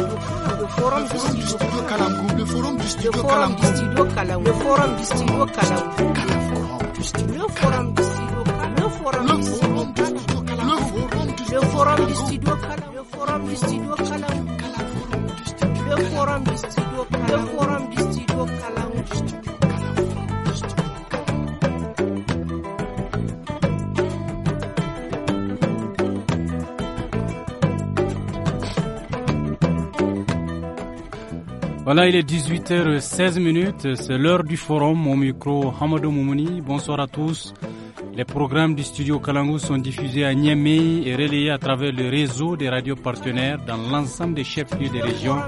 forum du studio Kalamkou, le forum du studio Kalamkou, le forum du studio Kalamkou, le forum du studio Kalamkou, le forum du studio Kalamkou, le forum du studio Kalamkou, le forum du studio Kalamkou, le forum du studio Kalamkou, Voilà, il est 18h16 c'est l'heure du forum au micro Hamadou Moumouni. Bonsoir à tous. Les programmes du studio Kalangou sont diffusés à Niamey et relayés à travers le réseau des radios partenaires dans l'ensemble des chefs-lieux des régions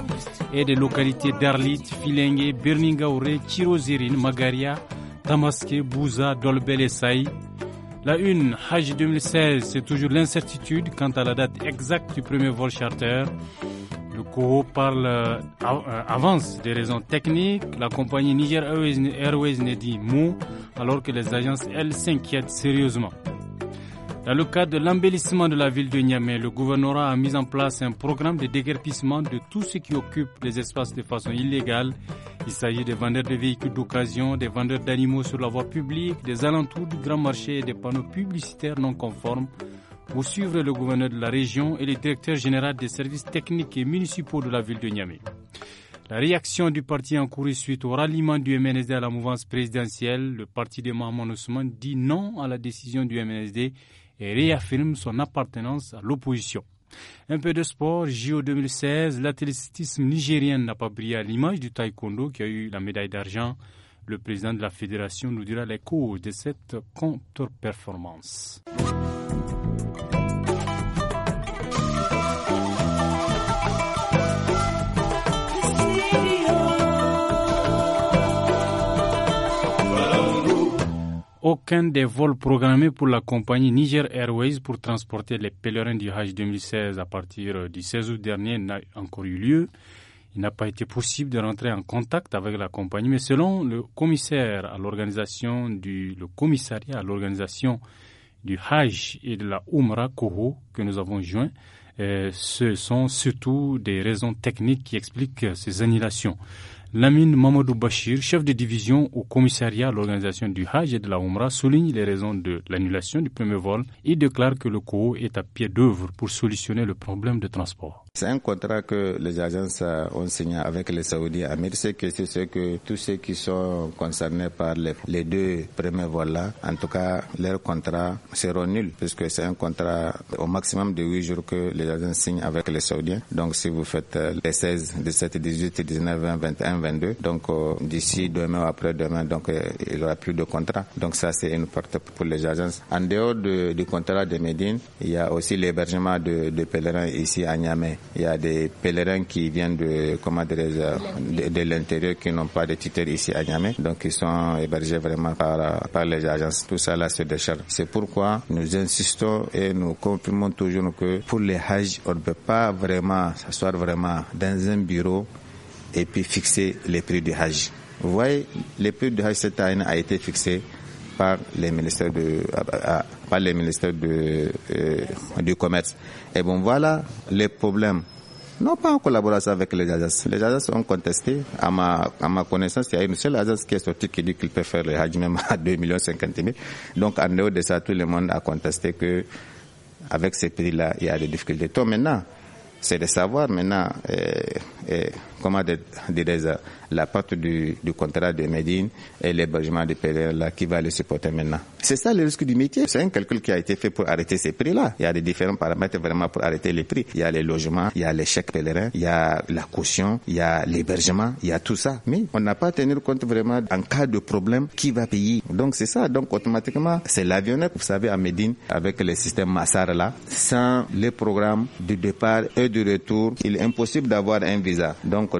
et des localités d'Arlit, Filengue, Birningaouré, Chirozirine, Magaria, Tamaské, Bouza, Dolbel et Saï. La une, Hajj 2016, c'est toujours l'incertitude quant à la date exacte du premier vol charter. Le COHO parle, euh, euh, avance des raisons techniques. La compagnie Niger Airways ne dit mot, alors que les agences, elles, s'inquiètent sérieusement. Dans le cadre de l'embellissement de la ville de Niamey, le gouvernement a mis en place un programme de déguerpissement de tout ce qui occupe les espaces de façon illégale. Il s'agit des vendeurs de véhicules d'occasion, des vendeurs d'animaux sur la voie publique, des alentours du grand marché et des panneaux publicitaires non conformes pour suivre le gouverneur de la région et le directeur général des services techniques et municipaux de la ville de Niamey. La réaction du parti en cours suite au ralliement du MNSD à la mouvance présidentielle, le parti de Mahmoud Ousmane dit non à la décision du MNSD et réaffirme son appartenance à l'opposition. Un peu de sport, JO 2016, l'athlétisme nigérien n'a pas brillé à l'image du taekwondo qui a eu la médaille d'argent. Le président de la fédération nous dira les causes de cette contre-performance. aucun des vols programmés pour la compagnie Niger Airways pour transporter les pèlerins du Hajj 2016 à partir euh, du 16 août dernier n'a encore eu lieu. Il n'a pas été possible de rentrer en contact avec la compagnie, mais selon le commissaire à l'organisation du le commissariat à l'organisation du Hajj et de la Umra Koho que nous avons joint, euh, ce sont surtout des raisons techniques qui expliquent ces annulations. Lamine Mamadou Bachir, chef de division au commissariat à l'organisation du Hajj et de la Oumra, souligne les raisons de l'annulation du premier vol et déclare que le CO est à pied d'œuvre pour solutionner le problème de transport. C'est un contrat que les agences ont signé avec les Saoudiens. Amir, c'est que ce que tous ceux qui sont concernés par les, deux premiers vols-là, en tout cas, leur contrat sera nul puisque c'est un contrat au maximum de 8 jours que les agences signent avec les Saoudiens. Donc, si vous faites les 16, 17, 18, 19, 20, 21, donc euh, d'ici demain ou après-demain, donc euh, il n'y aura plus de contrat. Donc ça c'est une porte pour les agences. En dehors de, du contrat de Médine, il y a aussi l'hébergement de, de, pèlerins ici à Niamey. Il y a des pèlerins qui viennent de comment de, de l'intérieur qui n'ont pas de titre ici à Niamey, donc ils sont hébergés vraiment par, les agences. Tout ça là c'est des charges. C'est pourquoi nous insistons et nous confirmons toujours que pour les Hajj, on ne peut pas vraiment s'asseoir vraiment dans un bureau et puis fixer les prix du Hajj. Vous voyez, les prix du Hajj cette année a été fixé par les ministères de euh, euh, par les ministères de euh, du commerce. Et bon voilà les problèmes. Non pas en collaboration avec les agences. Les agences ont contesté. À ma, à ma connaissance, il y a une seule agence qui est sortie qui dit qu'il peut faire le Hajj même à 2 millions 50 000. Donc en dehors de ça, tout le monde a contesté que avec ces prix-là, il y a des difficultés. Donc maintenant, c'est de savoir maintenant euh, comment dire la porte du, contrat de Médine et l'hébergement des pèlerins là qui va le supporter maintenant. C'est ça le risque du métier. C'est un calcul qui a été fait pour arrêter ces prix-là. Il y a des différents paramètres vraiment pour arrêter les prix. Il y a les logements, il y a les chèques pèlerins, il y a la caution, il y a l'hébergement, il y a tout ça. Mais on n'a pas tenu compte vraiment en cas de problème qui va payer. Donc c'est ça. Donc automatiquement, c'est l'avionnette. Vous savez, à Médine, avec le système Massar là, sans les programmes du départ et du retour, il est impossible d'avoir un visa donc,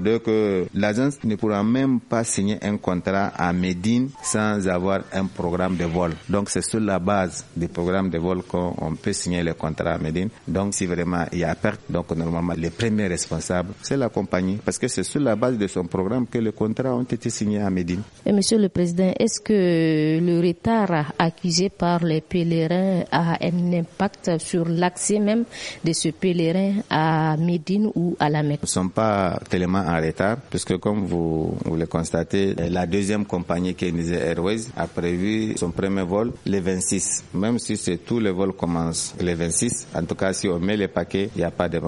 l'agence ne pourra même pas signer un contrat à Médine sans avoir un programme de vol. Donc, c'est sur la base du programme de vol qu'on peut signer le contrat à Médine. Donc, si vraiment il y a perte, donc normalement, les premiers responsables, c'est la compagnie, parce que c'est sur la base de son programme que les contrats ont été signés à Médine. monsieur le Président, est-ce que le retard accusé par les pèlerins a un impact sur l'accès même de ce pèlerin à Médine ou à la Mecque Nous ne sommes pas tellement en retard, puisque comme vous, vous le constatez, la deuxième compagnie qui Airways a prévu son premier vol le 26. Même si c'est tous les vols commencent le 26, en tout cas, si on met les paquets, il n'y a pas de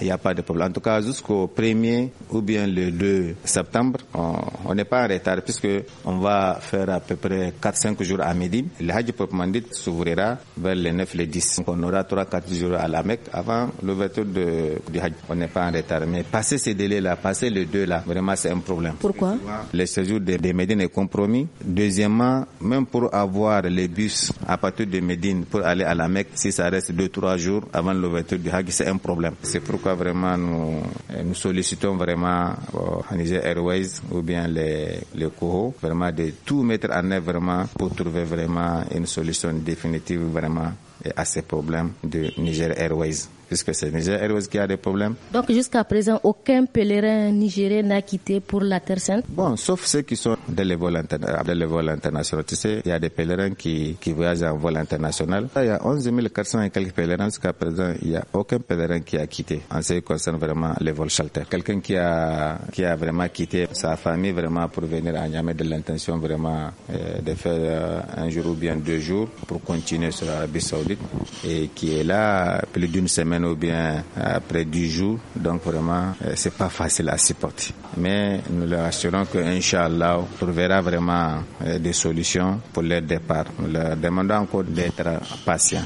il a pas de problème. En tout cas, jusqu'au 1er ou bien le 2 septembre, on n'est pas en retard puisque on va faire à peu près 4-5 jours à midi. Le Hajj proprement dit s'ouvrira vers les 9 les 10. Donc on aura 3-4 jours à la Mecque avant l'ouverture du Hajj. On n'est pas en retard. Mais passer ces délai là, passer le deux là, vraiment c'est un problème. Pourquoi Le séjour de, Médine est compromis. Deuxièmement, même pour avoir les bus à partir de Médine pour aller à la Mecque, si ça reste 2 trois jours avant l'ouverture du Hague, c'est un problème. C'est pourquoi vraiment nous, euh, nous sollicitons vraiment euh, Niger Airways ou bien les, les Coho, vraiment de tout mettre en œuvre vraiment pour trouver vraiment une solution définitive vraiment à ces problèmes de Niger Airways puisque c'est Niger qui a des problèmes. Donc jusqu'à présent, aucun pèlerin nigérien n'a quitté pour la Terre Sainte Bon, sauf ceux qui sont dans les vols, internationaux. Tu sais, il y a des pèlerins qui, voyagent en vol international. il y a 11 400 et quelques pèlerins. Jusqu'à présent, il n'y a aucun pèlerin qui a quitté. En ce qui concerne vraiment les vols charter. Quelqu'un qui a, qui a vraiment quitté sa famille vraiment pour venir à Niamey de l'intention vraiment euh, de faire euh, un jour ou bien deux jours pour continuer sur l'Arabie Saoudite et qui est là plus d'une semaine ou bien après euh, du jour. Donc vraiment, euh, c'est pas facile à supporter. Mais nous leur assurons que Inch'Allah, trouvera vraiment euh, des solutions pour leur départ. Nous leur demandons encore d'être patients.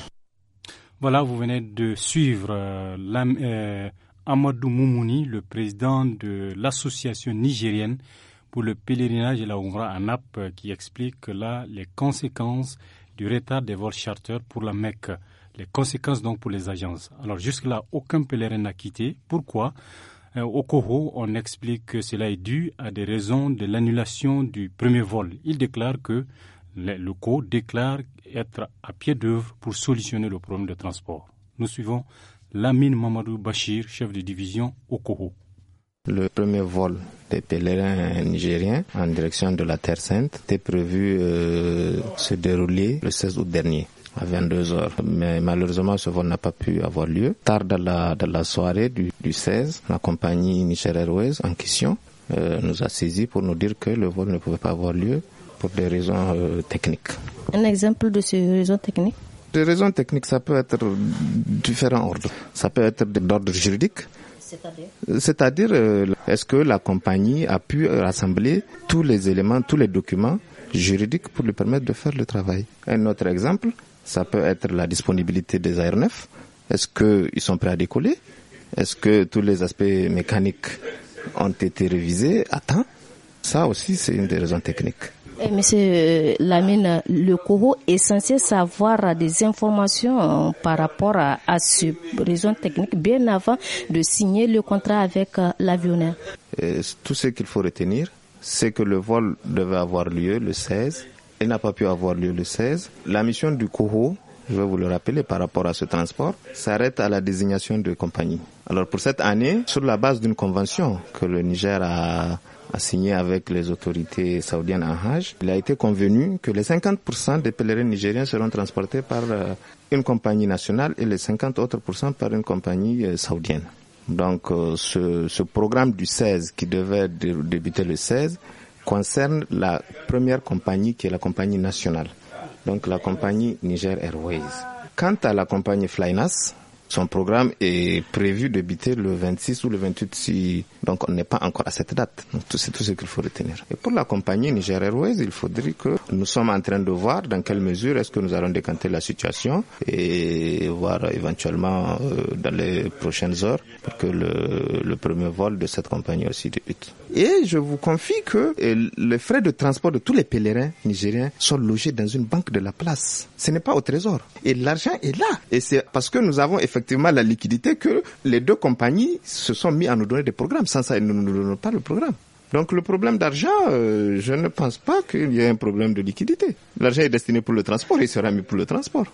Voilà, vous venez de suivre Amadou Moumouni, le président de l'association nigérienne pour le pèlerinage et la Oumra à Naples, qui explique là les conséquences du retard des vols charters pour la Mecque. Les conséquences donc pour les agences. Alors jusque-là, aucun pèlerin n'a quitté. Pourquoi euh, au Coho, on explique que cela est dû à des raisons de l'annulation du premier vol. Il déclare que le Coho déclare être à pied d'œuvre pour solutionner le problème de transport. Nous suivons Lamine Mamadou Bachir, chef de division au Coho. Le premier vol des pèlerins nigériens en direction de la Terre Sainte était prévu euh, se dérouler le 16 août dernier à 22 heures. Mais malheureusement, ce vol n'a pas pu avoir lieu. Tard dans la, soirée du, 16, la compagnie Nicher Airways en question euh, nous a saisis pour nous dire que le vol ne pouvait pas avoir lieu pour des raisons euh, techniques. Un exemple de ces raisons techniques Des raisons techniques, ça peut être différents ordre. Ça peut être d'ordre juridique. C'est-à-dire, euh, est-ce que la compagnie a pu rassembler tous les éléments, tous les documents juridiques pour lui permettre de faire le travail Un autre exemple, ça peut être la disponibilité des AR-9. Est-ce qu'ils sont prêts à décoller Est-ce que tous les aspects mécaniques ont été révisés à temps Ça aussi, c'est une des raisons techniques. et' eh, monsieur euh, Lamine, le Coro est censé savoir des informations euh, par rapport à, ces raisons raison bien avant de signer le contrat avec euh, l'avionnaire. Tout ce qu'il faut retenir, c'est que le vol devait avoir lieu le 16 elle n'a pas pu avoir lieu le 16. La mission du COHO, je vais vous le rappeler par rapport à ce transport, s'arrête à la désignation de compagnie. Alors pour cette année, sur la base d'une convention que le Niger a a signé avec les autorités saoudiennes à Hajj, il a été convenu que les 50% des pèlerins nigériens seront transportés par euh, une compagnie nationale et les 50 autres par une compagnie euh, saoudienne. Donc euh, ce, ce programme du 16 qui devait débuter le 16 concerne la première compagnie qui est la compagnie nationale, donc la compagnie Niger Airways. Quant à la compagnie Flynas, son programme est prévu de débuter le 26 ou le 28 donc on n'est pas encore à cette date. C'est tout ce qu'il faut retenir. Et pour la compagnie Niger Airways, il faudrait que nous sommes en train de voir dans quelle mesure est-ce que nous allons décanter la situation et voir éventuellement euh, dans les prochaines heures pour que le, le premier vol de cette compagnie aussi débute. Et je vous confie que euh, les frais de transport de tous les pèlerins nigériens sont logés dans une banque de la place. Ce n'est pas au trésor. Et l'argent est là. Et c'est parce que nous avons effectivement la liquidité que les deux compagnies se sont mis à nous donner des programmes sans ça, ils ne nous donnent pas le programme. Donc le problème d'argent, euh, je ne pense pas qu'il y ait un problème de liquidité. L'argent est destiné pour le transport, il sera mis pour le transport.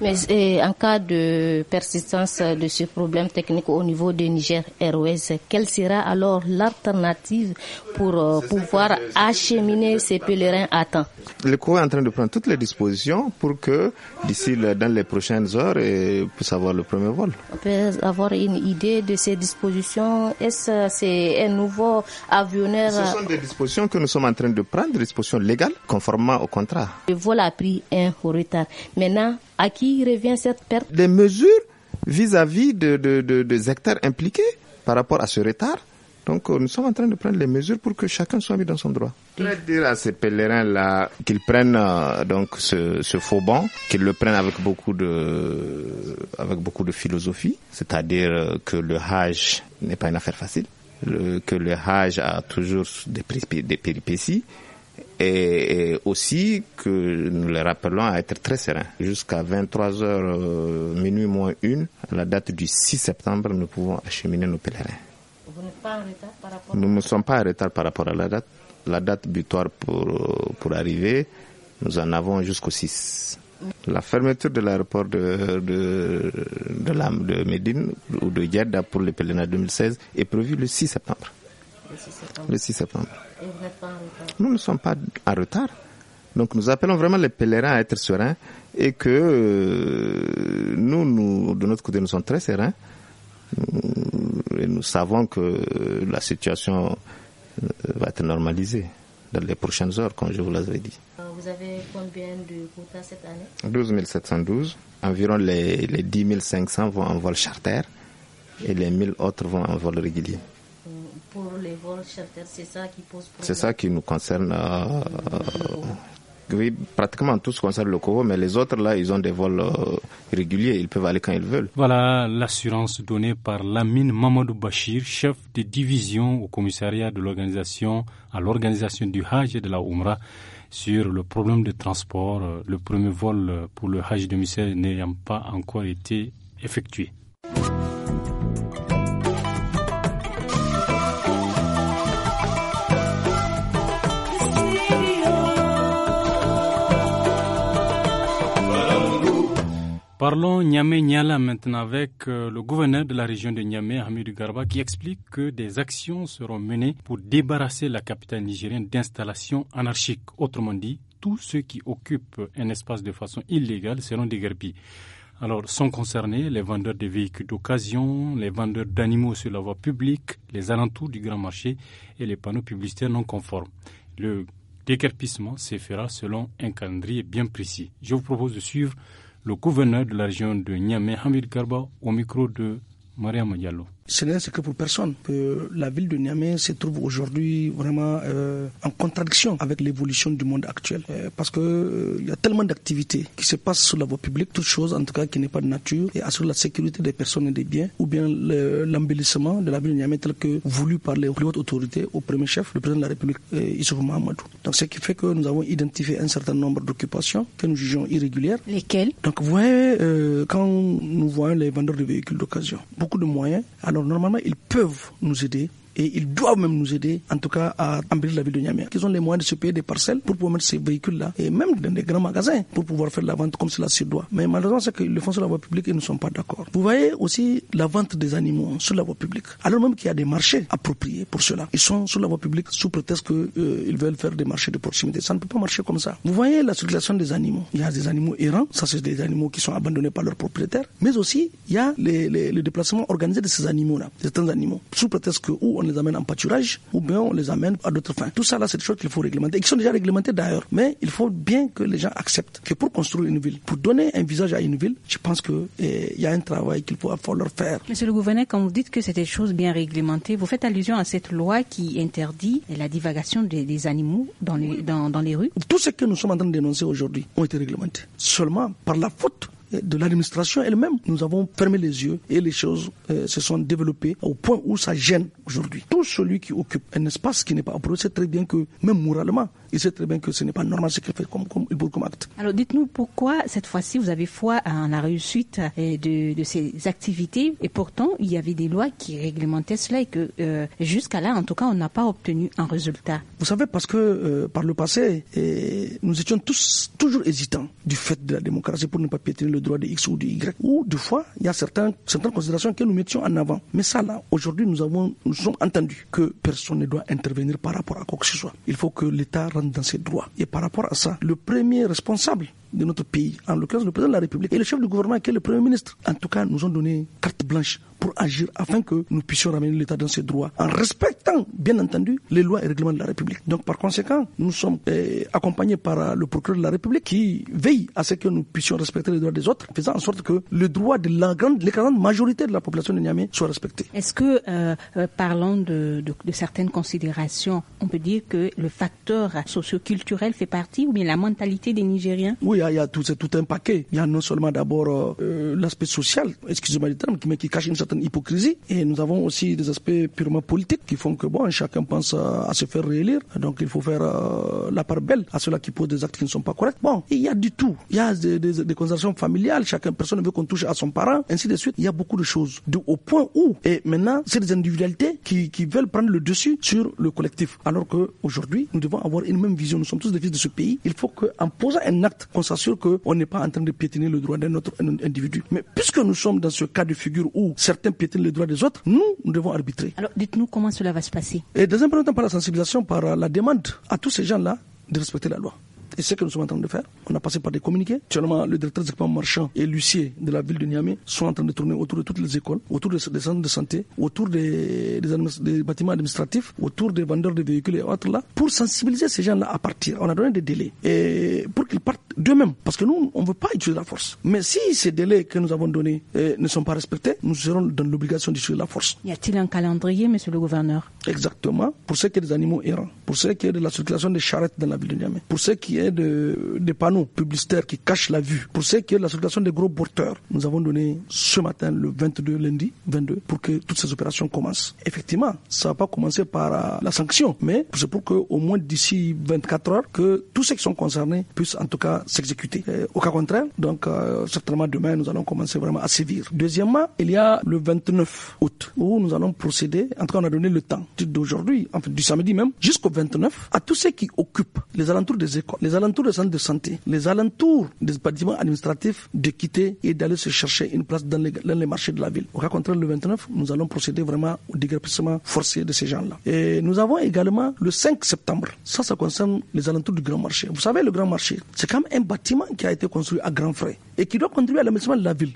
Mais en cas de persistance de ce problème technique au niveau de Niger Airways, quelle sera alors l'alternative pour euh, pouvoir acheminer ces pèlerins à temps Le cours est en train de prendre toutes les dispositions pour que d'ici dans les prochaines heures, et puisse avoir le premier vol. On peut avoir une idée de ces dispositions. Est-ce euh, c'est un nouveau avionneur Ce sont des dispositions que nous sommes en train de prendre, des dispositions légales conformément au contrat. Euh, le vol a pris un retard. Maintenant, à qui revient cette perte Des mesures vis-à-vis de, de, de, des acteurs impliqués par rapport à ce retard. Donc euh, nous sommes en train de prendre les mesures pour que chacun soit mis dans son droit. Je voudrais dire à ces pèlerins-là qu'ils prennent euh, donc ce, ce faux banc, qu'ils le prennent avec beaucoup de, avec beaucoup de philosophie, c'est-à-dire euh, que le Hajj n'est pas une affaire facile, que le Hajj a toujours des, des péripéties, et, aussi que nous les rappelons à être très sereins. Jusqu'à 23h, euh, minuit moins une, à la date du 6 septembre, nous pouvons acheminer nos pèlerins. Vous n'êtes pas en retard par rapport à... Nous ne sommes pas en retard par rapport à la date. La date butoir pour, euh, pour arriver, nous en avons jusqu'au 6. La fermeture de l'aéroport de, de, de, de, Médine ou de Jeddah pour les pèlerins 2016 est prévue le 6 septembre. Le 6 septembre. Nous ne sommes pas en retard. Donc nous appelons vraiment les pèlerins à être sereins et que euh, nous, nous, de notre côté, nous sommes très sereins. Et nous savons que la situation euh, va être normalisée dans les prochaines heures, comme je vous l'avais dit. Euh, vous avez combien de quotas cette année 12 712. Environ les, les 10 500 vont en vol charter et les 1000 autres vont en vol régulier pour les vols charter, c'est ça qui pose problème C'est ça qui nous concerne. Euh, oui, pratiquement tout concerne le Congo, mais les autres, là, ils ont des vols euh, réguliers, ils peuvent aller quand ils veulent. Voilà l'assurance donnée par Lamine Mamadou Bachir, chef de division au commissariat de l'organisation, à l'organisation du Hajj et de la Oumra, sur le problème de transport, euh, le premier vol euh, pour le Hajj 2016 n'ayant pas encore été effectué. Parlons Niamey-Niala maintenant avec euh, le gouverneur de la région de Niamey, Hamidou Garba, qui explique que des actions seront menées pour débarrasser la capitale nigérienne d'installations anarchiques. Autrement dit, tous ceux qui occupent un espace de façon illégale seront déguerpis. Alors, sont concernés les vendeurs de véhicules d'occasion, les vendeurs d'animaux sur la voie publique, les alentours du grand marché et les panneaux publicitaires non conformes. Le déguerpissement se fera selon un calendrier bien précis. Je vous propose de suivre le gouverneur de la région de Niamey, Hamid Karba au micro de Maria Diallo. Ce n'est que pour personne que la ville de Niamey se trouve aujourd'hui vraiment euh, en contradiction avec l'évolution du monde actuel. Euh, parce que euh, il y a tellement d'activités qui se passent sur la voie publique, toute chose en tout cas qui n'est pas de nature et assure la sécurité des personnes et des biens, ou bien l'embellissement de la ville de Niamey tel que voulu par les hautes autorités au premier chef, le président de la République Issoufou Mahamadou. Donc ce qui fait que nous avons identifié un certain nombre d'occupations que nous jugeons irrégulières. Lesquelles Donc vous voyez, quand nous voyons les vendeurs de véhicules d'occasion, beaucoup de moyens. Alors normalement, ils peuvent nous aider et ils doivent même nous aider, en tout cas, à embellir la ville de Niamey. qu'ils ont les moyens de se payer des parcelles pour pouvoir mettre ces véhicules-là, et même dans des grands magasins, pour pouvoir faire la vente comme cela se doit. Mais malheureusement, c'est qu'ils le font sur la voie publique et ne sont pas d'accord. Vous voyez aussi la vente des animaux hein, sur la voie publique. Alors même qu'il y a des marchés appropriés pour cela, ils sont sur la voie publique sous prétexte qu'ils euh, veulent faire des marchés de proximité. Ça ne peut pas marcher comme ça. Vous voyez la circulation des animaux. Il y a des animaux errants, ça c'est des animaux qui sont abandonnés par leurs propriétaires, mais aussi il y a le les, déplacements déplacement de ces animaux-là, certains animaux, sous prétexte que on les amène en pâturage, ou bien on les amène à d'autres fins. Tout ça, là, c'est des choses qu'il faut réglementer, et qui sont déjà réglementées d'ailleurs. Mais il faut bien que les gens acceptent que pour construire une ville, pour donner un visage à une ville, je pense qu'il eh, y a un travail qu'il faut, falloir leur faire. Monsieur le gouverneur, quand vous dites que c'est des choses bien réglementées, vous faites allusion à cette loi qui interdit la divagation des, animaux dans les, dans les rues Tout ce que nous sommes en train de dénoncer aujourd'hui ont été réglementés. Seulement par la faute de l'administration elle-même. Nous avons fermé les yeux et les choses euh, se sont développées au point où ça gêne aujourd'hui. Tout celui qui occupe un espace qui n'est pas approprié sait très bien que, même moralement, il sait très bien que ce n'est pas normal ce qu'il fait comme, comme, comme acte. Alors dites-nous pourquoi cette fois-ci vous avez foi en la réussite euh, de, de, ces activités et pourtant il y avait des lois qui réglementaient cela et que euh, jusqu'à là en tout cas on n'a pas obtenu un résultat. Vous savez parce que par le passé et nous étions tous toujours hésitants du fait de la démocratie pour ne pas piétiner le droit de X ou de Y, ou des fois, il y a certains, certaines considérations que nous mettions en avant. Mais ça, là, aujourd'hui, nous avons, nous sommes entendu que personne ne doit intervenir par rapport à quoi que ce soit. Il faut que l'État rentre dans ses droits. Et par rapport à ça, le premier responsable de notre pays, en l'occurrence le président de la République et le chef du gouvernement qui est le Premier ministre, en tout cas, nous ont donné carte blanche pour agir afin que nous puissions ramener l'État dans ses droits en respectant, bien entendu, les lois et règlements de la République. Donc, par conséquent, nous sommes eh, accompagnés par euh, le procureur de la République qui veille à ce que nous puissions respecter les droits des autres, faisant en sorte que le droit de la grande, grande majorité de la population de Niamey soit respecté. Est-ce que, euh, euh, parlant de, certaines considérations, on peut dire que le facteur socioculturel fait partie ou bien la mentalité des Nigériens Oui, il y a tout, c'est tout un paquet. Il y a non seulement d'abord euh, euh, l'aspect social, excusez-moi du terme, mais qui cache une certaine hypocrisie. Et nous avons aussi des aspects purement politiques qui font que bon, chacun pense à, se faire réélire. Donc il faut faire euh, la part belle à ceux-là qui posent des actes qui ne sont pas corrects. Bon, il y a du tout. Il y a des, des, familiales. Chacun personne veut qu'on touche à son parent, ainsi de suite. Il y a beaucoup de choses. De, au point où et maintenant, c'est des individualités qui, qui veulent prendre le dessus sur le collectif. Alors que aujourd'hui, nous devons avoir une même vision. Nous sommes tous des fils de ce pays. Il faut qu'en posant un acte sûr qu'on n'est pas en train de piétiner le droit d'un autre individu. Mais puisque nous sommes dans ce cas de figure où certains piétinent le droit des autres, nous, nous devons arbitrer. Alors dites-nous comment cela va se passer. Et dans un temps par la sensibilisation, par la demande à tous ces gens-là de respecter la loi. Et ce que nous sommes en train de faire, on a passé par des communiqués. Actuellement, le directeur des marchand et l'huissier de la ville de Niamey sont en train de tourner autour de toutes les écoles, autour des centres de santé, autour des, bâtiments administratifs, autour des vendeurs de véhicules et autres là, pour sensibiliser ces gens-là à partir. On a donné des délais et pour qu'ils partent d'eux-mêmes, parce que nous, on ne veut pas utiliser la force. Mais si ces délais que nous avons donnés eh, ne sont pas respectés, nous serons dans l'obligation d'utiliser la force. Y a-t-il un calendrier, Monsieur le Gouverneur Exactement. Pour ce qui est des animaux errants, pour ce qui est de la circulation des charrettes dans la ville de Niamey, pour ce qui est de, des panneaux publicitaires qui cachent la vue, pour ce qui est de la circulation des gros porteurs, nous avons donné ce matin, le 22, lundi 22, pour que toutes ces opérations commencent. Effectivement, ça va pas commencer par euh, la sanction, mais c'est pour au moins d'ici 24 heures, que tous ceux qui sont concernés puissent en tout cas s'exécuter. Euh, au cas contraire, donc euh, certainement demain, nous allons commencer vraiment à sévir. Deuxièmement, il y a le 29 août où nous allons procéder, en tout cas on a donné le temps d'aujourd'hui, enfin du samedi même, jusqu'au 29, à tous ceux qui occupent les alentours des écoles, les alentours des centres de santé, les alentours des bâtiments administratifs de quitter et d'aller se chercher une place dans les, marchés de la ville. Au cas contraire, le 29, nous allons procéder vraiment au dégrapissement forcé de ces gens-là. Et nous avons également le 5 septembre. Ça, ça concerne les alentours du Grand Marché. Vous savez, le Grand Marché, c'est comme un bâtiment qui a été construit à grands frais et qui doit contribuer à l'aménagement de la ville.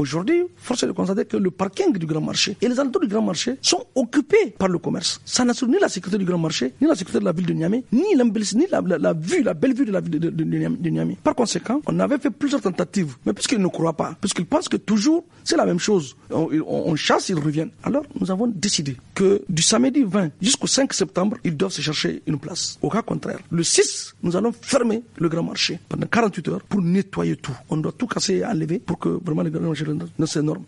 Aujourd'hui, force est de constater que le parking du grand marché et les alentours du grand marché sont occupés par le commerce. Ça n'assure ni la sécurité du grand marché, ni la sécurité de la ville de Niamey, ni, ni la, vue, la belle vue de la ville de, Niamey. Par conséquent, on avait fait plusieurs tentatives, mais puisqu'ils ne croient pas, puisqu'ils pensent que toujours c'est la même chose, on, chasse, ils reviennent. Alors, nous avons décidé que du samedi 20 jusqu'au 5 septembre, ils doivent se chercher une place. Au cas contraire, le 6, nous allons fermer le grand marché pendant 48 heures pour nettoyer tout. On doit tout casser et enlever pour que vraiment le grand marché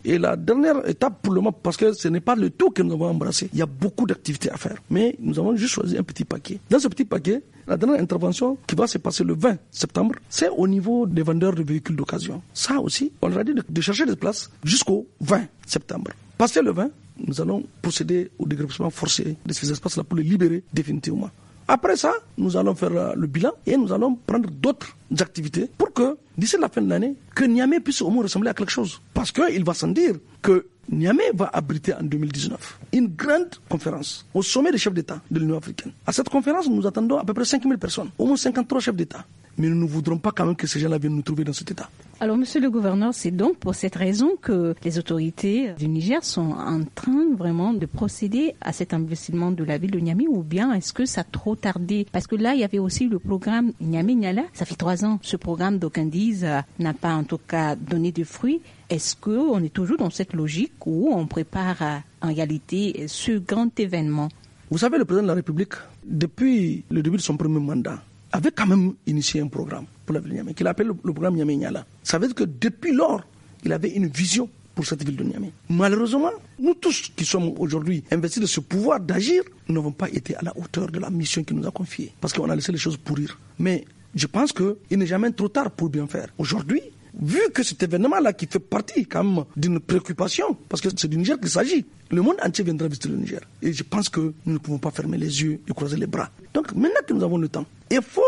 et la dernière étape pour le moment, parce que ce n'est pas le tout que nous avons embrassé, il y a beaucoup d'activités à faire. Mais nous avons juste choisi un petit paquet. Dans ce petit paquet, la dernière intervention qui va se passer le 20 septembre, c'est au niveau des vendeurs de véhicules d'occasion. Ça aussi, on leur a dit de, chercher des places jusqu'au 20 septembre. Passé le 20, nous allons procéder au dégroupissement forcé de ces espaces-là pour les libérer définitivement. Après ça, nous allons faire le bilan et nous allons prendre d'autres activités pour que, d'ici la fin de l'année, que Niamey puisse au moins ressembler à quelque chose. Parce qu'il va sans dire que Niamey va abriter en 2019 une grande conférence au sommet des chefs d'État de l'Union africaine. À cette conférence, nous attendons à peu près 5000 personnes, au moins 53 chefs d'État, mais nous ne voudrons pas quand même que ces gens-là viennent nous trouver dans cet état. Alors, monsieur le gouverneur, c'est donc pour cette raison que les autorités du Niger sont en train vraiment de procéder à cet investissement de la ville de Niamey ou bien est-ce que ça a trop tardé Parce que là, il y avait aussi le programme Niamey-Niala. Ça fait trois ans. Ce programme, d'aucuns disent, euh, n'a pas en tout cas donné de fruits. Est-ce qu'on est toujours dans cette logique où on prépare euh, en réalité ce grand événement Vous savez, le président de la République, depuis le début de son premier mandat, avait quand même initié un programme pour la ville de Niamey, qu'il appelle le, programme Niamey-Niala. Ça veut dire que depuis lors, il avait une vision pour cette ville de Niamey. Malheureusement, nous tous qui sommes aujourd'hui investis de ce pouvoir d'agir, nous n'avons pas été à la hauteur de la mission qu'il nous a confiée, parce qu'on a laissé les choses pourrir. Mais je pense qu'il n'est jamais trop tard pour bien faire. Aujourd'hui, vu que cet événement-là qui fait partie quand même d'une préoccupation, parce que c'est du Niger qu'il s'agit, le monde entier viendra visiter le Niger. Et je pense que nous ne pouvons pas fermer les yeux et croiser les bras. Donc maintenant que nous avons le temps, et fort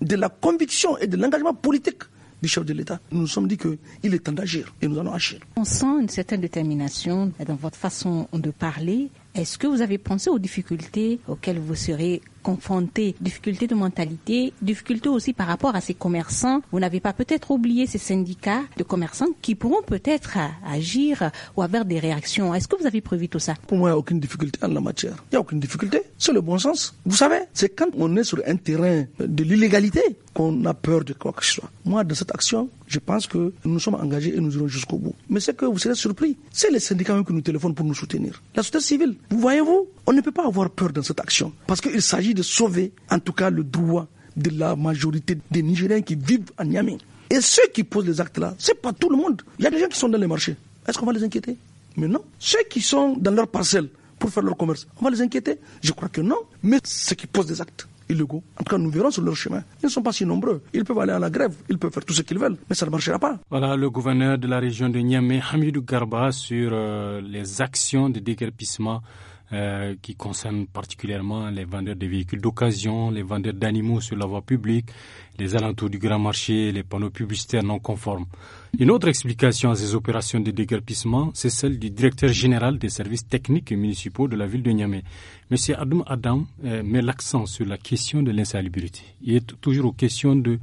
de la conviction et de l'engagement politique du chef de l'État, nous nous sommes dit qu'il est temps d'agir et nous allons agir. On sent une certaine détermination dans votre façon de parler, est-ce que vous avez pensé aux difficultés auxquelles vous serez confrontés, difficultés de mentalité, difficultés aussi par rapport à ces commerçants. Vous n'avez pas peut-être oublié ces syndicats de commerçants qui pourront peut-être agir ou avoir des réactions. Est-ce que vous avez prévu tout ça Pour moi, il n'y a aucune difficulté en la matière. Il n'y a aucune difficulté. C'est le bon sens. Vous savez, c'est quand on est sur un terrain de l'illégalité qu'on a peur de quoi que ce soit. Moi, dans cette action, je pense que nous sommes engagés et nous irons jusqu'au bout. Mais c'est que vous serez surpris. C'est les syndicats qui nous téléphonent pour nous soutenir. La société civile, vous voyez-vous, on ne peut pas avoir peur dans cette action, parce qu'il s'agit de sauver, en tout cas, le droit de la majorité des Nigériens qui vivent à Niamey. Et ceux qui posent les actes-là, ce n'est pas tout le monde. Il y a des gens qui sont dans les marchés. Est-ce qu'on va les inquiéter Mais non. Ceux qui sont dans leur parcelle pour faire leur commerce, on va les inquiéter Je crois que non. Mais ceux qui posent des actes, illégaux. En tout cas, nous verrons sur leur chemin. Ils ne sont pas si nombreux. Ils peuvent aller à la grève, ils peuvent faire tout ce qu'ils veulent, mais ça ne marchera pas. Voilà le gouverneur de la région de Niamey, Hamidou Garba, sur euh, les actions de déguerpissement euh, qui concerne particulièrement les vendeurs de véhicules d'occasion, les vendeurs d'animaux sur la voie publique, les alentours du grand marché, les panneaux publicitaires non conformes. Une autre explication à ces opérations de déguerpissement, c'est celle du directeur général des services techniques et municipaux de la ville de Niamey. Monsieur Adam Adam euh, met l'accent sur la question de l'insalubrité. Il est toujours aux questions de,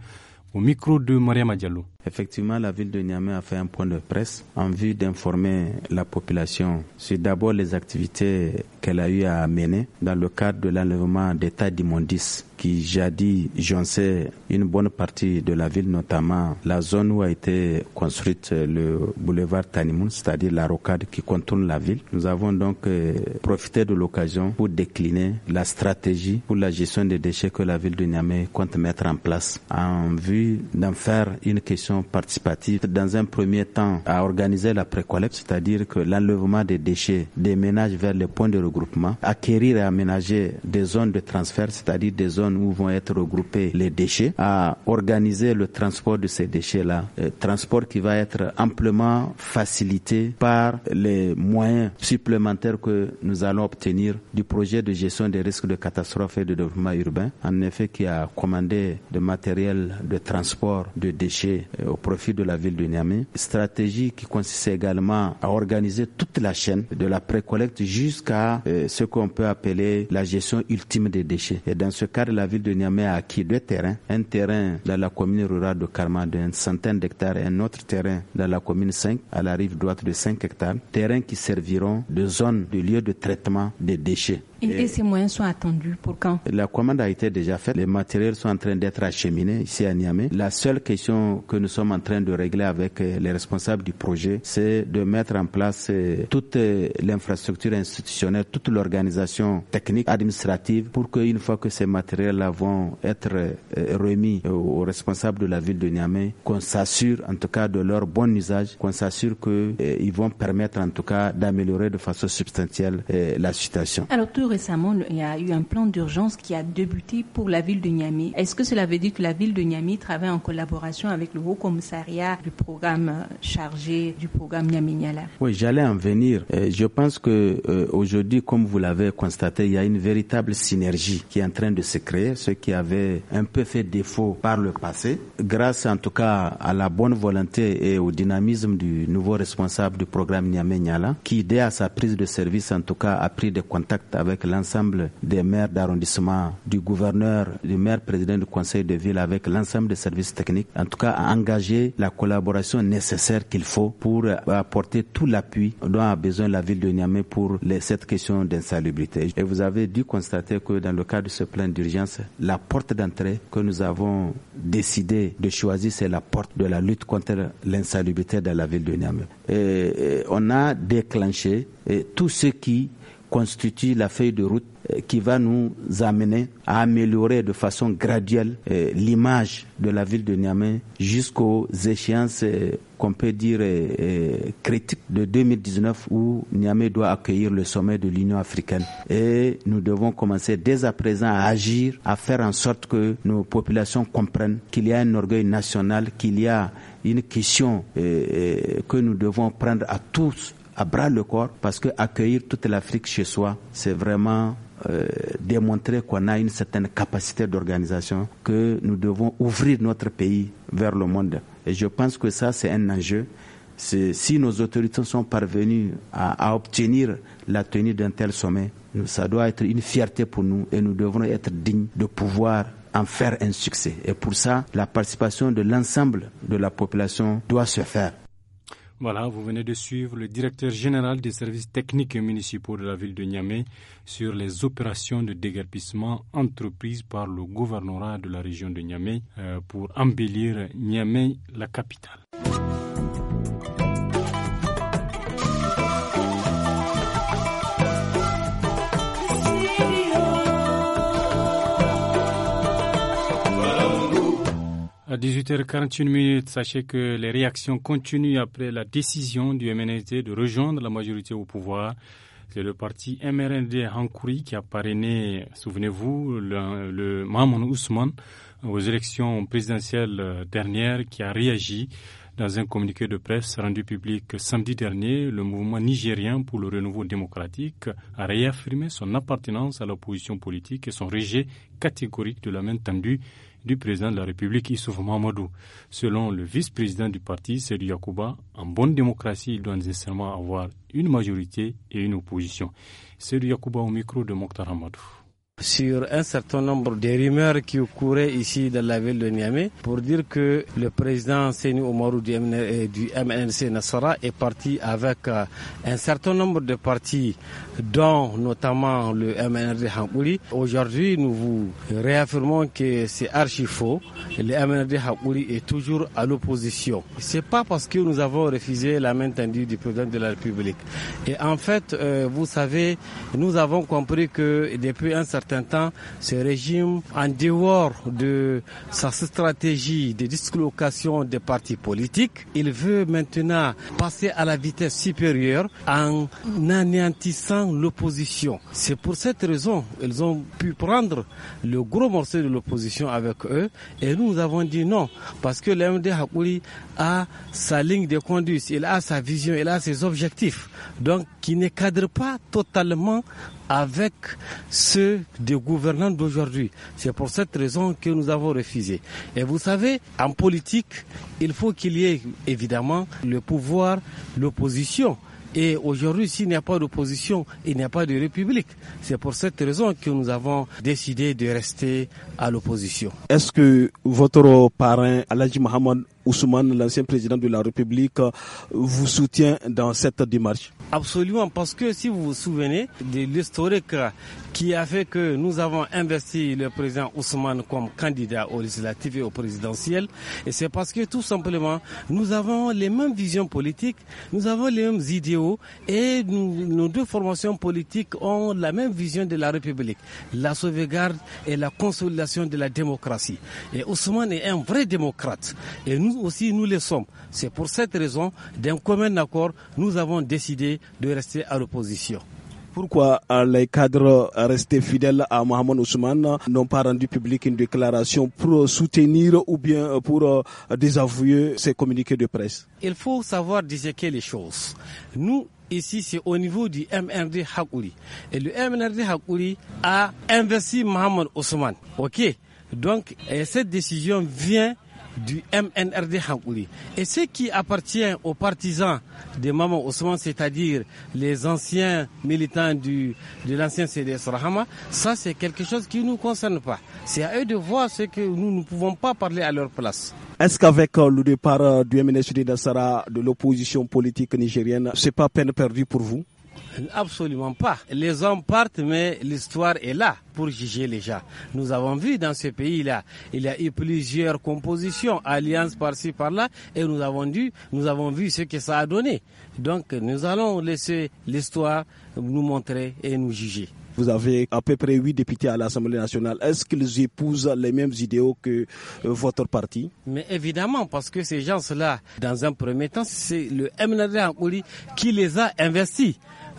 au micro de Maria Diallo. Effectivement, la ville de Niamey a fait un point de presse en vue d'informer la population sur d'abord les activités qu'elle a eu à mener dans le cadre de l'enlèvement d'état d'immondices qui jadis jonçait une bonne partie de la ville, notamment la zone où a été construite le boulevard Tanimoun, c'est-à-dire la rocade qui contourne la ville. Nous avons donc euh, profité de l'occasion pour décliner la stratégie pour la gestion des déchets que la ville de Niamey compte mettre en place en vue d'en faire une question participative, dans un premier temps, à organiser la précollecte, c'est-à-dire que l'enlèvement des déchets des ménages vers les points de regroupement, acquérir et aménager des zones de transfert, c'est-à-dire des zones où vont être regroupés les déchets, à organiser le transport de ces déchets-là, euh, transport qui va être amplement facilité par les moyens supplémentaires que nous allons obtenir du projet de gestion des risques de catastrophe et de développement urbain, en effet qui a commandé de matériel de transport de déchets euh, au profit de la ville de Niamey. Stratégie qui consistait également à organiser toute la chaîne de la précollecte jusqu'à euh, ce qu'on peut appeler la gestion ultime des déchets. Et dans ce cadre, la ville de Niamey a acquis deux terrains. Un terrain dans la commune rurale de Karma d'une centaine d'hectares et un autre terrain dans la commune 5 à la rive droite de 5 hectares. Terrains qui serviront de zone de lieu de traitement des déchets. Et, ces moyens sont attendus pour quand La commande a été déjà faite. Les matériels sont en train d'être acheminés ici à Niamey. La seule question que nous sommes en train de régler avec euh, les responsables du projet, c'est de mettre en place euh, toute euh, l'infrastructure institutionnelle, toute l'organisation technique, administrative, pour qu'une fois que ces matériels-là vont être remis aux responsables de la ville de Niamey, qu'on s'assure en tout cas de leur bon usage, qu'on s'assure qu'ils vont permettre en tout cas d'améliorer de façon substantielle la situation. Alors, récemment, il y a eu un plan d'urgence qui a débuté pour la ville de Niamey. Est-ce que cela veut dire que la ville de Niamey travaille en collaboration avec le Haut Commissariat du programme euh, chargé du programme Niamey-Niala Oui, j'allais en venir. Euh, je pense que euh, aujourd'hui, comme vous l'avez constaté, il y a une véritable synergie qui est en train de se créer, ce qui avait un peu fait défaut par le passé, grâce en tout cas à la bonne volonté et au dynamisme du nouveau responsable du programme Niamey-Niala, qui dès à sa prise de service en tout cas a pris des contacts avec l'ensemble des maires d'arrondissement, du gouverneur, du maire président du conseil de ville, avec l'ensemble des services techniques, en tout cas à engager la collaboration nécessaire qu'il faut pour euh, apporter tout l'appui dont a besoin la ville de Niamey pour les, cette question d'insalubrité. Et vous avez dû constater que dans le cadre de ce plan d'urgence, la porte d'entrée que nous avons décidé de choisir, c'est la porte de la lutte contre l'insalubrité dans la ville de Niamey. Et, on a déclenché tout ce qui constitue la feuille de route euh, qui va nous amener à améliorer de façon graduelle euh, l'image de la ville de Niamey jusqu'aux échéances euh, qu'on peut dire critiques de 2019 où Niamey doit accueillir le sommet de l'Union africaine. Et nous devons commencer dès à présent à agir, à faire en sorte que nos populations comprennent qu'il y a un orgueil national, qu'il y a une question que nous devons prendre à tous à bras le corps parce que accueillir toute l'Afrique chez soi, c'est vraiment euh, démontrer qu'on a une certaine capacité d'organisation, que nous devons ouvrir notre pays vers le monde. Et je pense que ça, c'est un enjeu. Si nos autorités sont parvenues à, obtenir la tenue d'un tel sommet, ça doit être une fierté pour nous et nous devons être dignes de pouvoir en faire un succès. Et pour ça, la participation de l'ensemble de la population doit se faire. Voilà, vous venez de suivre le directeur général des services techniques et municipaux de la ville de Niamey sur les opérations de déguerpissement entreprises par le gouvernorat de la région de Niamey euh, pour embellir Niamey, la capitale. À 18h41, sachez que les réactions continuent après la décision du MNSD de rejoindre la majorité au pouvoir. C'est le parti MRND Hankouri qui a parrainé, souvenez-vous, le, le Mahmoud Ousmane aux élections présidentielles euh, dernières qui a réagi dans un communiqué de presse rendu public samedi dernier, le mouvement nigérien pour le renouveau démocratique a réaffirmé son appartenance à l'opposition politique et son rejet catégorique de la main tendue du président de la République Issouf Mamadou. Selon le vice-président du parti, Seri Yakouba, en bonne démocratie, il doit nécessairement avoir une majorité et une opposition. Seri Yakouba au micro de Mokhtar Hamadou sur un certain nombre de rumeurs qui couraient ici dans la ville de Niamey pour dire que le président Seni Oumarou du, MNC euh, Nassara est parti avec euh, un certain nombre de partis, dont notamment le MNRD Hakouri. Aujourd'hui, nous vous réaffirmons que c'est archi faux. Le MNRD Hakouri est toujours à l'opposition. C'est pas parce que nous avons refusé la main tendue du président de la République. Et en fait, euh, vous savez, nous avons compris que depuis un certain temps, ce régime, en dehors de sa stratégie de dislocation des partis politiques, il veut maintenant passer à la vitesse supérieure en anéantissant l'opposition. C'est pour cette raison qu'ils ont pu prendre le gros morceau de l'opposition avec eux et nous avons dit non parce que l'MD a sa ligne de conduite, il a sa vision, il a ses objectifs donc qui ne cadre pas totalement avec ceux des gouvernants d'aujourd'hui. C'est pour cette raison que nous avons refusé. Et vous savez, en politique, il faut qu'il y ait évidemment le pouvoir, l'opposition. Et aujourd'hui, s'il n'y a pas d'opposition, il n'y a pas de république. C'est pour cette raison que nous avons décidé de rester à l'opposition. Est-ce que votre parrain, Aladji Mohamed Ousmane, l'ancien président de la République, vous soutient dans cette démarche Absolument, parce que si vous vous souvenez de l'historique qui a fait que nous avons investi le président Ousmane comme candidat aux législatives et au présidentiel, et c'est parce que tout simplement, nous avons les mêmes visions politiques, nous avons les mêmes idéaux, et nos deux formations politiques ont la même vision de la République, la sauvegarde et la consolidation de la démocratie. Et Ousmane est un vrai démocrate, et nous aussi, nous le sommes. C'est pour cette raison, d'un commun accord, nous avons décidé de rester à l'opposition pourquoi euh, les cadres restés fidèles à Mohamed Ousmane n'ont pas rendu public une déclaration pour soutenir ou bien pour euh, désavouer ces communiqués de presse Il faut savoir disséquer les choses. Nous, ici, c'est au niveau du MRD Hakouri. Et le MRD Hakouri a investi Mohamed Ousmane. OK Donc, cette décision vient du MNRD oui. Et ce qui appartient aux partisans de Maman Ousmane, c'est-à-dire les anciens militants de l'ancien CDS Rahama, ça c'est quelque chose qui ne nous concerne pas. C'est à eux de voir ce que nous ne pouvons pas parler à leur place. Est-ce qu'avec euh, le départ euh, du MNSD Dassara de l'opposition politique nigérienne, c'est pas peine perdue pour vous Absolument pas. Les hommes partent, mais l'histoire est là pour juger les gens. Nous avons vu dans ce pays-là, il y a eu plusieurs compositions, alliances par-ci, par-là, et nous avons dû, nous avons vu ce que ça a donné. Donc, nous allons laisser l'histoire nous montrer et nous juger. Vous avez à peu près huit députés à l'Assemblée nationale. Est-ce qu'ils épousent les mêmes idéaux que euh, votre parti Mais évidemment, parce que ces gens-là, dans un premier temps, c'est le MNRA qui les a investis.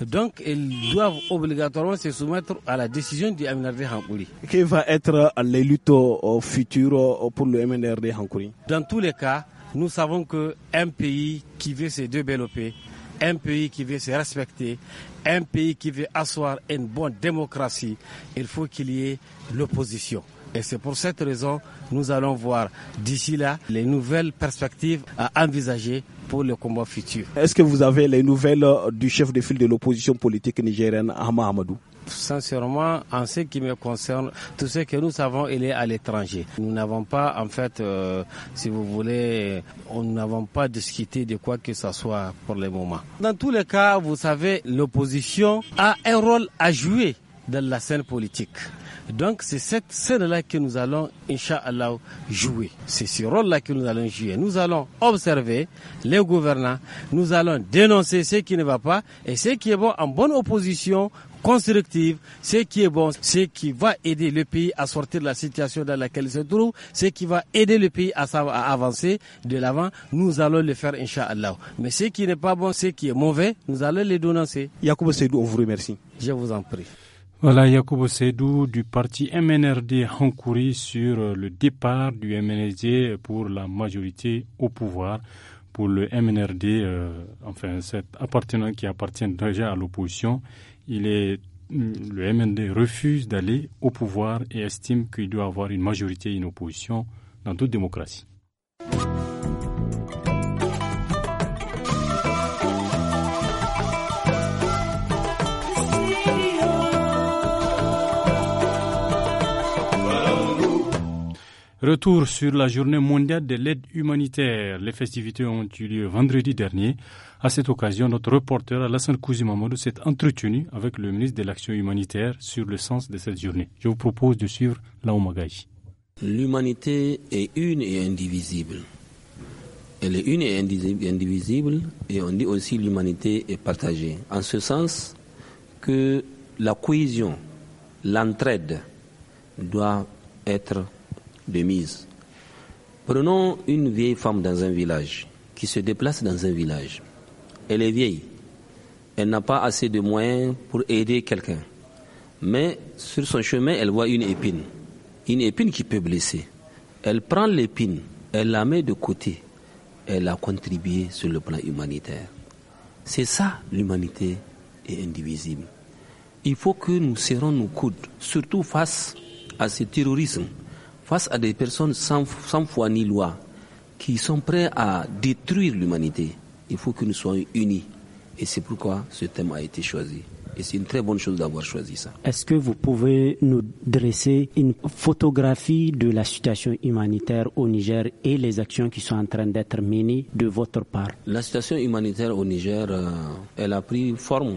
Donc, ils doivent obligatoirement se soumettre à la décision du MNRD Hankouri. qui va être les luttes euh, futures euh, pour le MNRD Hankouri Dans tous les cas, nous savons qu'un pays qui veut se développer, un pays qui veut se respecter, un pays qui veut asseoir une bonne démocratie, il faut qu'il y ait l'opposition. Et c'est pour cette raison, nous allons voir d'ici là les nouvelles perspectives à envisager pour le combat futur. Est-ce que vous avez les nouvelles euh, du chef de file de l'opposition politique nigérienne, Ahmad Hamadou sincèrement, en ce qui me concerne, tout ce que nous savons, il est à l'étranger. Nous n'avons pas, en fait, euh, si vous voulez, nous n'avons pas discuté de quoi que ce soit pour le moment. Dans tous les cas, vous savez, l'opposition a un rôle à jouer dans la scène politique. Donc c'est cette scène-là que nous allons, Inch'Allah, jouer. C'est ce rôle-là que nous allons jouer. Nous allons observer les gouvernants, nous allons dénoncer ce qui ne va pas et ce qui est bon en bonne opposition constructive, ce qui est bon, ce qui va aider le pays à sortir de la situation dans laquelle il se trouve, ce qui va aider le pays à, avancer de l'avant, nous allons le faire, Inch'Allah. Mais ce qui n'est pas bon, ce qui est mauvais, nous allons le dénoncer. Yacoub Seydou, on vous remercie. Je vous en prie. Voilà Yacoub Seydou du parti MNRD Hankouri sur le départ du MNRD pour la majorité au pouvoir. Pour le MNRD, euh, enfin, cet appartenant qui appartient déjà à l'opposition, il est mm, le MNRD refuse d'aller au pouvoir et estime qu'il doit avoir une majorité et une opposition dans toute démocratie. Retour sur la journée mondiale de l'aide humanitaire. Les festivités ont eu lieu vendredi dernier. À cette occasion, notre reporter Alassane Kouzimamadou s'est entretenu avec le ministre de l'Action humanitaire sur le sens de cette journée. Je vous propose de suivre Laoumagaï. L'humanité est une et indivisible. Elle est une et indivisible et on dit aussi l'humanité est partagée. En ce sens que la cohésion, l'entraide doit être de mise. Prenons une vieille femme dans un village qui se déplace dans un village. Elle est vieille. Elle n'a pas assez de moyens pour aider quelqu'un. Mais sur son chemin, elle voit une épine. Une épine qui peut blesser. Elle prend l'épine, elle la met de côté. Elle a contribué sur le plan humanitaire. C'est ça l'humanité est indivisible. Il faut que nous serrons nos coudes, surtout face à ce terrorisme face à des personnes sans, sans foi ni loi, qui sont prêtes à détruire l'humanité, il faut que nous soyons unis. Et c'est pourquoi ce thème a été choisi. Et c'est une très bonne chose d'avoir choisi ça. Est-ce que vous pouvez nous dresser une photographie de la situation humanitaire au Niger et les actions qui sont en train d'être menées de votre part La situation humanitaire au Niger, euh, elle a pris forme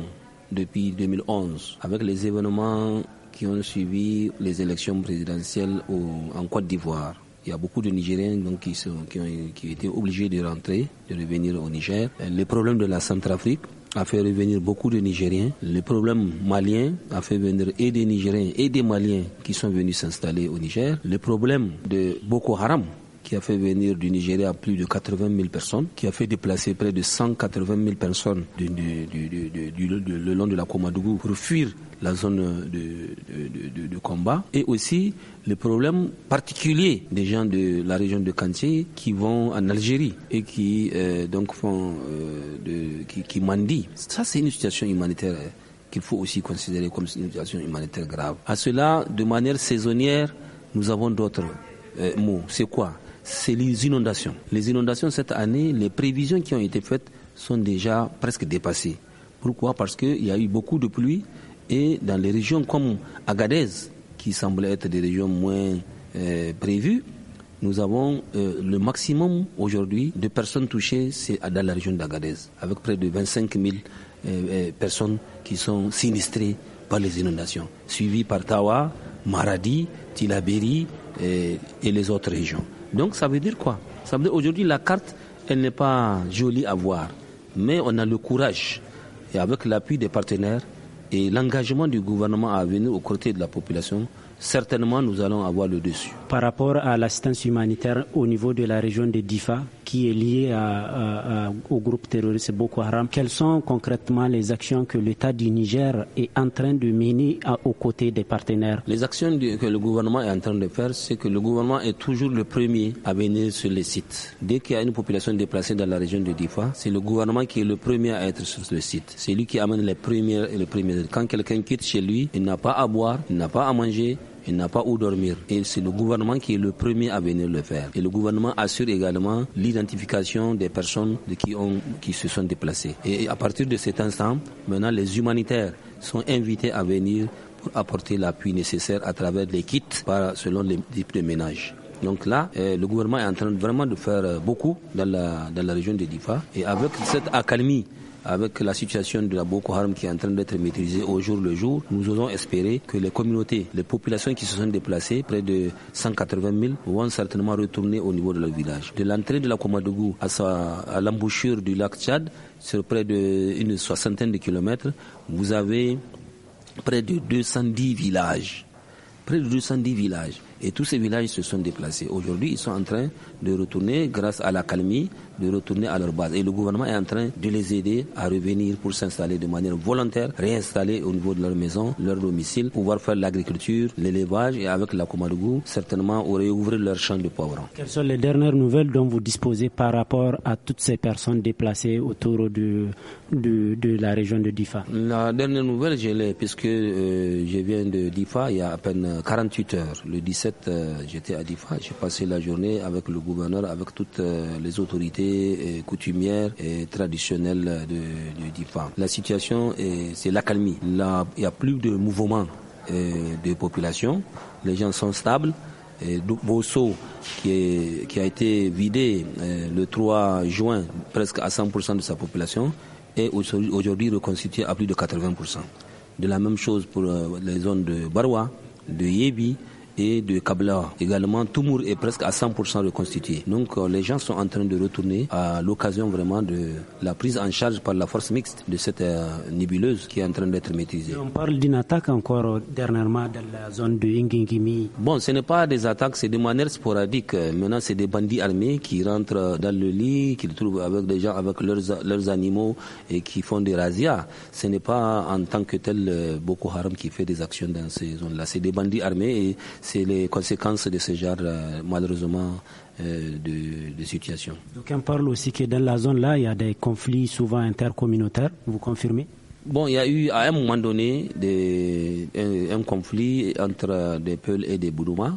depuis 2011 avec les événements qui ont suivi les élections présidentielles au, en Côte d'Ivoire. Il y a beaucoup de Nigériens donc, qui, sont, qui, ont, qui étaient obligés de rentrer, de revenir au Niger. Le problème de la Centrafrique a fait revenir beaucoup de Nigériens. Le problème malien a fait venir et des Nigériens et des Maliens qui sont venus s'installer au Niger. Le problème de Boko Haram qui a fait venir du Nigeria plus de 80 000 personnes, qui a fait déplacer près de 180 000 personnes le long de la Komadougou pour fuir la zone de, combat et aussi le problème particulier des gens de la région de Kanté qui vont en Algérie et qui euh, donc font euh, qui, qui mendient. Ça c'est une situation humanitaire hein, qu'il faut aussi considérer comme une situation humanitaire grave. À cela, de manière saisonnière, nous avons d'autres euh, mots. C'est quoi c'est les inondations. Les inondations cette année, les prévisions qui ont été faites sont déjà presque dépassées. Pourquoi Parce qu'il y a eu beaucoup de pluie et dans les régions comme Agadez, qui semblait être des régions moins euh, prévues, nous avons euh, le maximum aujourd'hui de personnes touchées, c'est dans la région d'Agadez, avec près de 25 000 euh, personnes qui sont sinistrées par les inondations, suivies par Tawa, Maradi, Tilaberi et les autres régions. Donc ça veut dire quoi Ça veut dire aujourd'hui la carte, elle n'est pas jolie à voir, mais on a le courage et avec l'appui des partenaires et l'engagement du gouvernement à venir aux côtés de la population, certainement nous allons avoir le dessus. Par rapport à l'assistance humanitaire au niveau de la région de Difa, qui est liée au groupe terroriste Boko Haram, quelles sont concrètement les actions que l'État du Niger est en train de mener à, aux côtés des partenaires Les actions que le gouvernement est en train de faire, c'est que le gouvernement est toujours le premier à venir sur les sites. Dès qu'il y a une population déplacée dans la région de Difa, c'est le gouvernement qui est le premier à être sur le site. C'est lui qui amène les premiers. et les premières. Quand quelqu'un quitte chez lui, il n'a pas à boire, il n'a pas à manger, il n'a pas où dormir. Et c'est le gouvernement qui est le premier à venir le faire. Et le gouvernement assure également l'identification des personnes qui, ont, qui se sont déplacées. Et à partir de cet instant, maintenant, les humanitaires sont invités à venir pour apporter l'appui nécessaire à travers les kits selon les types de ménage. Donc là, euh, le gouvernement est en train vraiment de faire euh, beaucoup dans la, dans la région de Difa. Et avec cette accalmie avec la situation de la Boko Haram qui est en train d'être maîtrisée au jour le jour, nous osons espérer que les communautés, les populations qui se sont déplacées, près de 180 000, vont certainement retourner au niveau de leur village. De l'entrée de la Komadougou à, l'embouchure du lac Tchad, sur près d'une soixantaine de kilomètres, vous avez près de 210 villages. Près de 210 villages. Et tous ces villages se sont déplacés. Aujourd'hui, ils sont en train de retourner, grâce à la calmie, de retourner à leur base. Et le gouvernement est en train de les aider à revenir pour s'installer de manière volontaire, réinstaller au niveau de leur maison, leur domicile, pouvoir faire l'agriculture, l'élevage et avec la comadougou, certainement ouvrir leur champ de poivron. Quelles sont les dernières nouvelles dont vous disposez par rapport à toutes ces personnes déplacées autour de, la région de Difa La dernière nouvelle, je l'ai, puisque euh, je viens de Difa il y a à peine 48 heures. Le 17, euh, j'étais à Difa, j'ai passé la journée avec le gouvernement avec toutes euh, les autorités euh, coutumières et traditionnelles de, de La situation, c'est l'accalmie. il n'y a plus de mouvement euh, de population. Les gens sont stables. Et Bosso, qui, qui a été vidé le 3 juin presque à 100% de sa population, est aujourd'hui reconstitué à plus de 80%. De la même chose pour les zones de Barwa, de Yébi, et de Kabla. Également, Toumour est presque à 100% reconstitué. Donc euh, les gens sont en train de retourner à l'occasion vraiment de la prise en charge par la force mixte de cette euh, nébuleuse qui est en train d'être maîtrisée. on parle d'une attaque encore euh, dernièrement dans la zone de Ingingimi. Bon, ce n'est pas des attaques, c'est des manières sporadiques Maintenant, c'est des bandits armés qui rentrent dans le lit, qu'ils trouvent avec des gens, avec leurs, leurs animaux et qui font des razzias. Ce n'est pas en tant que tel Boko Haram qui fait des actions dans ces zones-là. C'est des bandits armés et c'est les conséquences de ce genre, euh, malheureusement, euh, de, situation. Donc on parle aussi que dans la zone-là, il y a des conflits souvent intercommunautaires, vous confirmez Bon, il y a eu à un moment donné un, conflit entre des Peuls et des Boudoumas.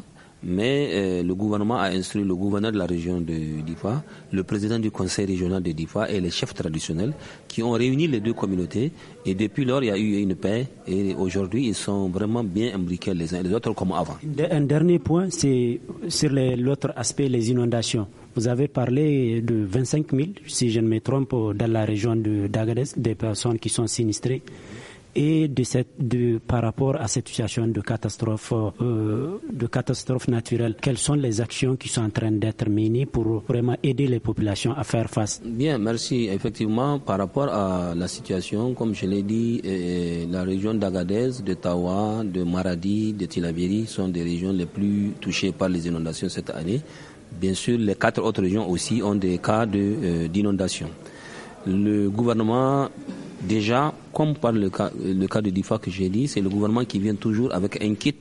Mais euh, le gouvernement a instruit le gouverneur de la région de Difa, le président du conseil régional de Difa et les chefs traditionnels qui ont réuni les deux communautés. Et depuis lors, il y a eu une paix. Et aujourd'hui, ils sont vraiment bien imbriqués les uns et les autres comme avant. Un dernier point, c'est sur l'autre aspect, les inondations. Vous avez parlé de 25 000, si je ne me trompe, dans la région de d'Agadez, des personnes qui sont sinistrées et de cette, par rapport à cette situation de catastrophe, euh, de catastrophe naturelle, quelles sont les actions qui sont en train d'être menées pour vraiment aider les populations à faire face Bien, merci. Effectivement, par rapport à la situation, comme je l'ai dit, la région d'Agadez, de Tawa, de Maradi, de Tilabiri sont des régions les plus touchées par les inondations cette année. Bien sûr, les quatre autres régions aussi ont des cas De, euh, le gouvernement Déjà, comme par le cas, de DIFA que j'ai dit, c'est le gouvernement qui vient toujours avec un kit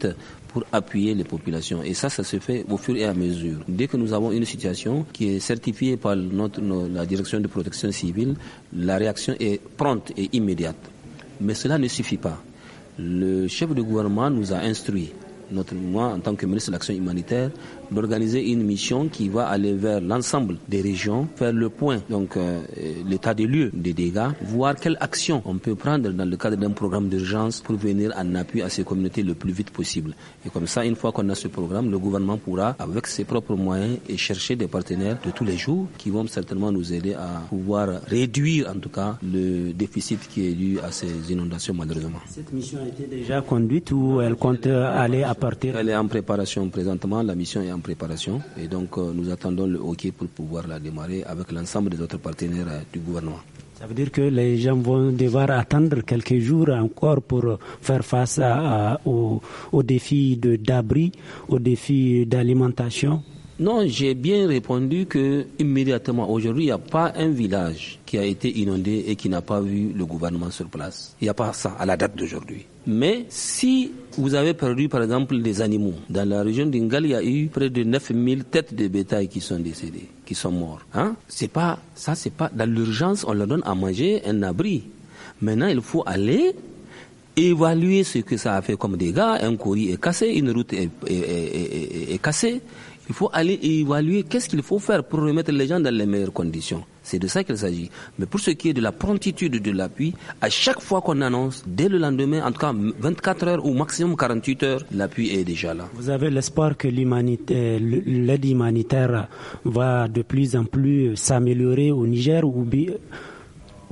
pour appuyer les populations. Et ça, ça se fait au fur et à mesure. Dès que nous avons une situation qui est certifiée par notre, la direction de protection civile, la réaction est prompte et immédiate. Mais cela ne suffit pas. Le chef de gouvernement nous a instruit notre, moi, en tant que ministre de l'Action humanitaire, d'organiser une mission qui va aller vers l'ensemble des régions, faire le point, donc euh, l'état des lieux des dégâts, voir quelles actions on peut prendre dans le cadre d'un programme d'urgence pour venir en appui à ces communautés le plus vite possible. Et comme ça, une fois qu'on a ce programme, le gouvernement pourra, avec ses propres moyens, et chercher des partenaires de tous les jours qui vont certainement nous aider à pouvoir réduire, en tout cas, le déficit qui est dû à ces inondations, malheureusement. Cette mission a été déjà conduite ou elle compte aller à elle est en préparation présentement, la mission est en préparation. Et donc, euh, nous attendons le hockey pour pouvoir la démarrer avec l'ensemble des autres partenaires euh, du gouvernement. Ça veut dire que les gens vont devoir attendre quelques jours encore pour faire face au défi aux défis d'abri, aux défis d'alimentation non, j'ai bien répondu que immédiatement aujourd'hui, il n'y a pas un village qui a été inondé et qui n'a pas vu le gouvernement sur place. Il n'y a pas ça à la date d'aujourd'hui. Mais si vous avez perdu par exemple des animaux, dans la région d'Ingal, il y a eu près de 9000 têtes de bétail qui sont décédées, qui sont morts. Hein? C'est pas, ça c'est pas, dans l'urgence, on leur donne à manger un abri. Maintenant, il faut aller évaluer ce que ça a fait comme dégâts. Un courrier est cassé, une route est, est, est, est cassée. Il faut aller évaluer qu'est-ce qu'il faut faire pour remettre les gens dans les meilleures conditions. C'est de ça qu'il s'agit. Mais pour ce qui est de la promptitude de l'appui, à chaque fois qu'on annonce, dès le lendemain, en tout cas 24 heures ou maximum 48 heures, l'appui est déjà là. Vous avez l'espoir que l'aide humanitaire va de plus en plus s'améliorer au Niger ou bien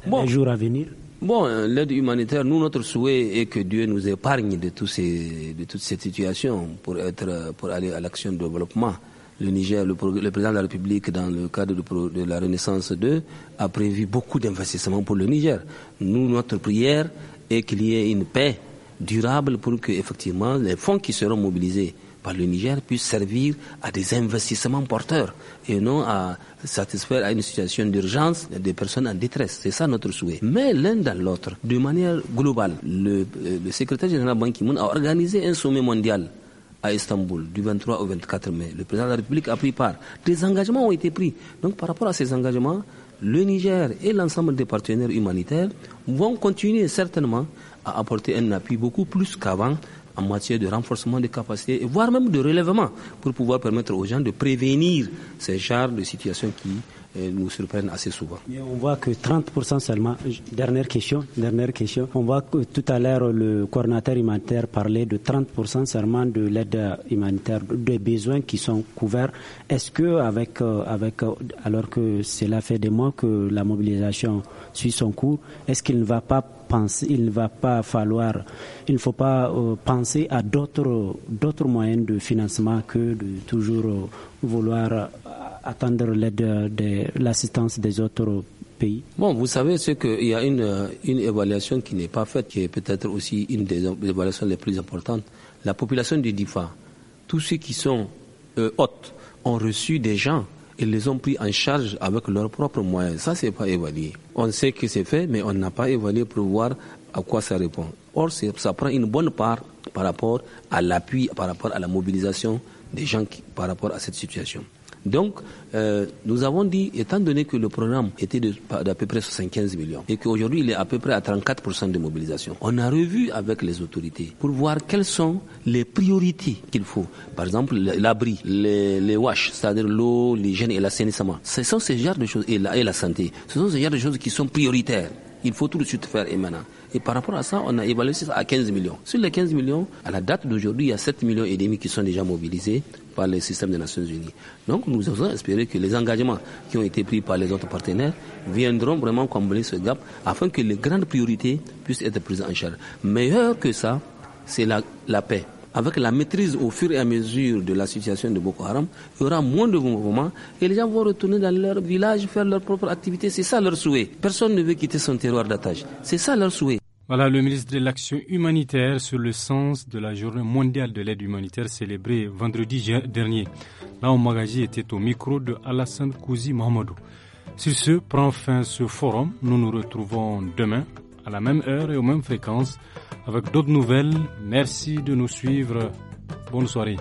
bon. les jours à venir Bon, euh, l'aide humanitaire, nous, notre souhait est que Dieu nous épargne de, tous ces, de toute cette situation pour, être, euh, pour aller à l'action de développement. Le Niger, le, président de la République, dans le cadre de, de la Renaissance 2, a prévu beaucoup d'investissements pour le Niger. Nous, notre prière est qu'il y ait une paix durable pour que, effectivement, les fonds qui seront mobilisés par le Niger puisse servir à des investissements porteurs et non à satisfaire à une situation d'urgence des personnes en détresse. C'est ça notre souhait. Mais l'un dans l'autre, de manière globale, le, euh, le secrétaire général Ban Ki-moon a organisé un sommet mondial à Istanbul du 23 au 24 mai. Le président de la République a pris part. Des engagements ont été pris. Donc par rapport à ces engagements, le Niger et l'ensemble des partenaires humanitaires vont continuer certainement à apporter un appui beaucoup plus qu'avant en matière de renforcement des capacités, voire même de relèvement, pour pouvoir permettre aux gens de prévenir ces genres de situations qui euh, nous surprennent assez souvent. on voit que 30% seulement. Euh, dernière question, dernière question. On voit que tout à l'heure, le coordinateur humanitaire parlait de 30% seulement de l'aide humanitaire, des besoins qui sont couverts. Est-ce que, avec, euh, avec, alors que cela fait des mois que la mobilisation suit son cours, est-ce qu'il ne va pas il ne va pas falloir, il ne faut pas euh, penser à d'autres, moyens de financement que de toujours euh, vouloir euh, attendre l'aide de l'assistance des autres pays. Bon, vous savez, qu'il y a une, une évaluation qui n'est pas faite, qui est peut-être aussi une des évaluations les plus importantes. La population du DIFA, tous ceux qui sont hôtes ont reçu des gens ils les ont pris en charge avec leurs propres moyens. Ça, c'est pas évalué. On sait que c'est fait, mais on n'a pas évalué pour voir à quoi ça répond. Or, ça prend une bonne part par rapport à l'appui, par rapport à la mobilisation des gens qui, par rapport à cette situation. Donc, euh, nous avons dit, étant donné que le programme était d'à peu près 75 millions et qu'aujourd'hui il est à peu près à 34% de mobilisation, on a revu avec les autorités pour voir quelles sont les priorités qu'il faut. Par exemple, l'abri, les, les wash, c'est-à-dire l'eau, l'hygiène et l'assainissement. Ce sont ces genres de choses, et la, et la santé, ce sont ces genres de choses qui sont prioritaires. Il faut tout de suite faire et maintenant. Et par rapport à ça, on a évalué ça à 15 millions. Sur les 15 millions, à la date d'aujourd'hui, il y a 7 millions et demi qui sont déjà mobilisés par le système des Nations Unies. Donc nous avons espéré que les engagements qui ont été pris par les autres partenaires viendront vraiment combler ce gap afin que les grandes priorités puissent être prises en charge. Meilleur que ça, c'est la, la paix avec la maîtrise au fur et à mesure de la situation de Boko Haram, il y aura moins de mouvements et les gens vont retourner dans leur village faire leur propre activité. C'est ça leur souhait. Personne ne veut quitter son terroir d'attache. C'est ça leur souhait. Voilà le ministre de l'Action humanitaire sur le sens de la journée mondiale de l'aide humanitaire célébrée vendredi dernier. Là, Magazi était au micro de Alassane Kouzi Mamadou. Sur ce, prend fin ce forum. Nous nous retrouvons demain à la même heure et aux mêmes fréquences avec d'autres nouvelles. Merci de nous suivre. Bonne soirée.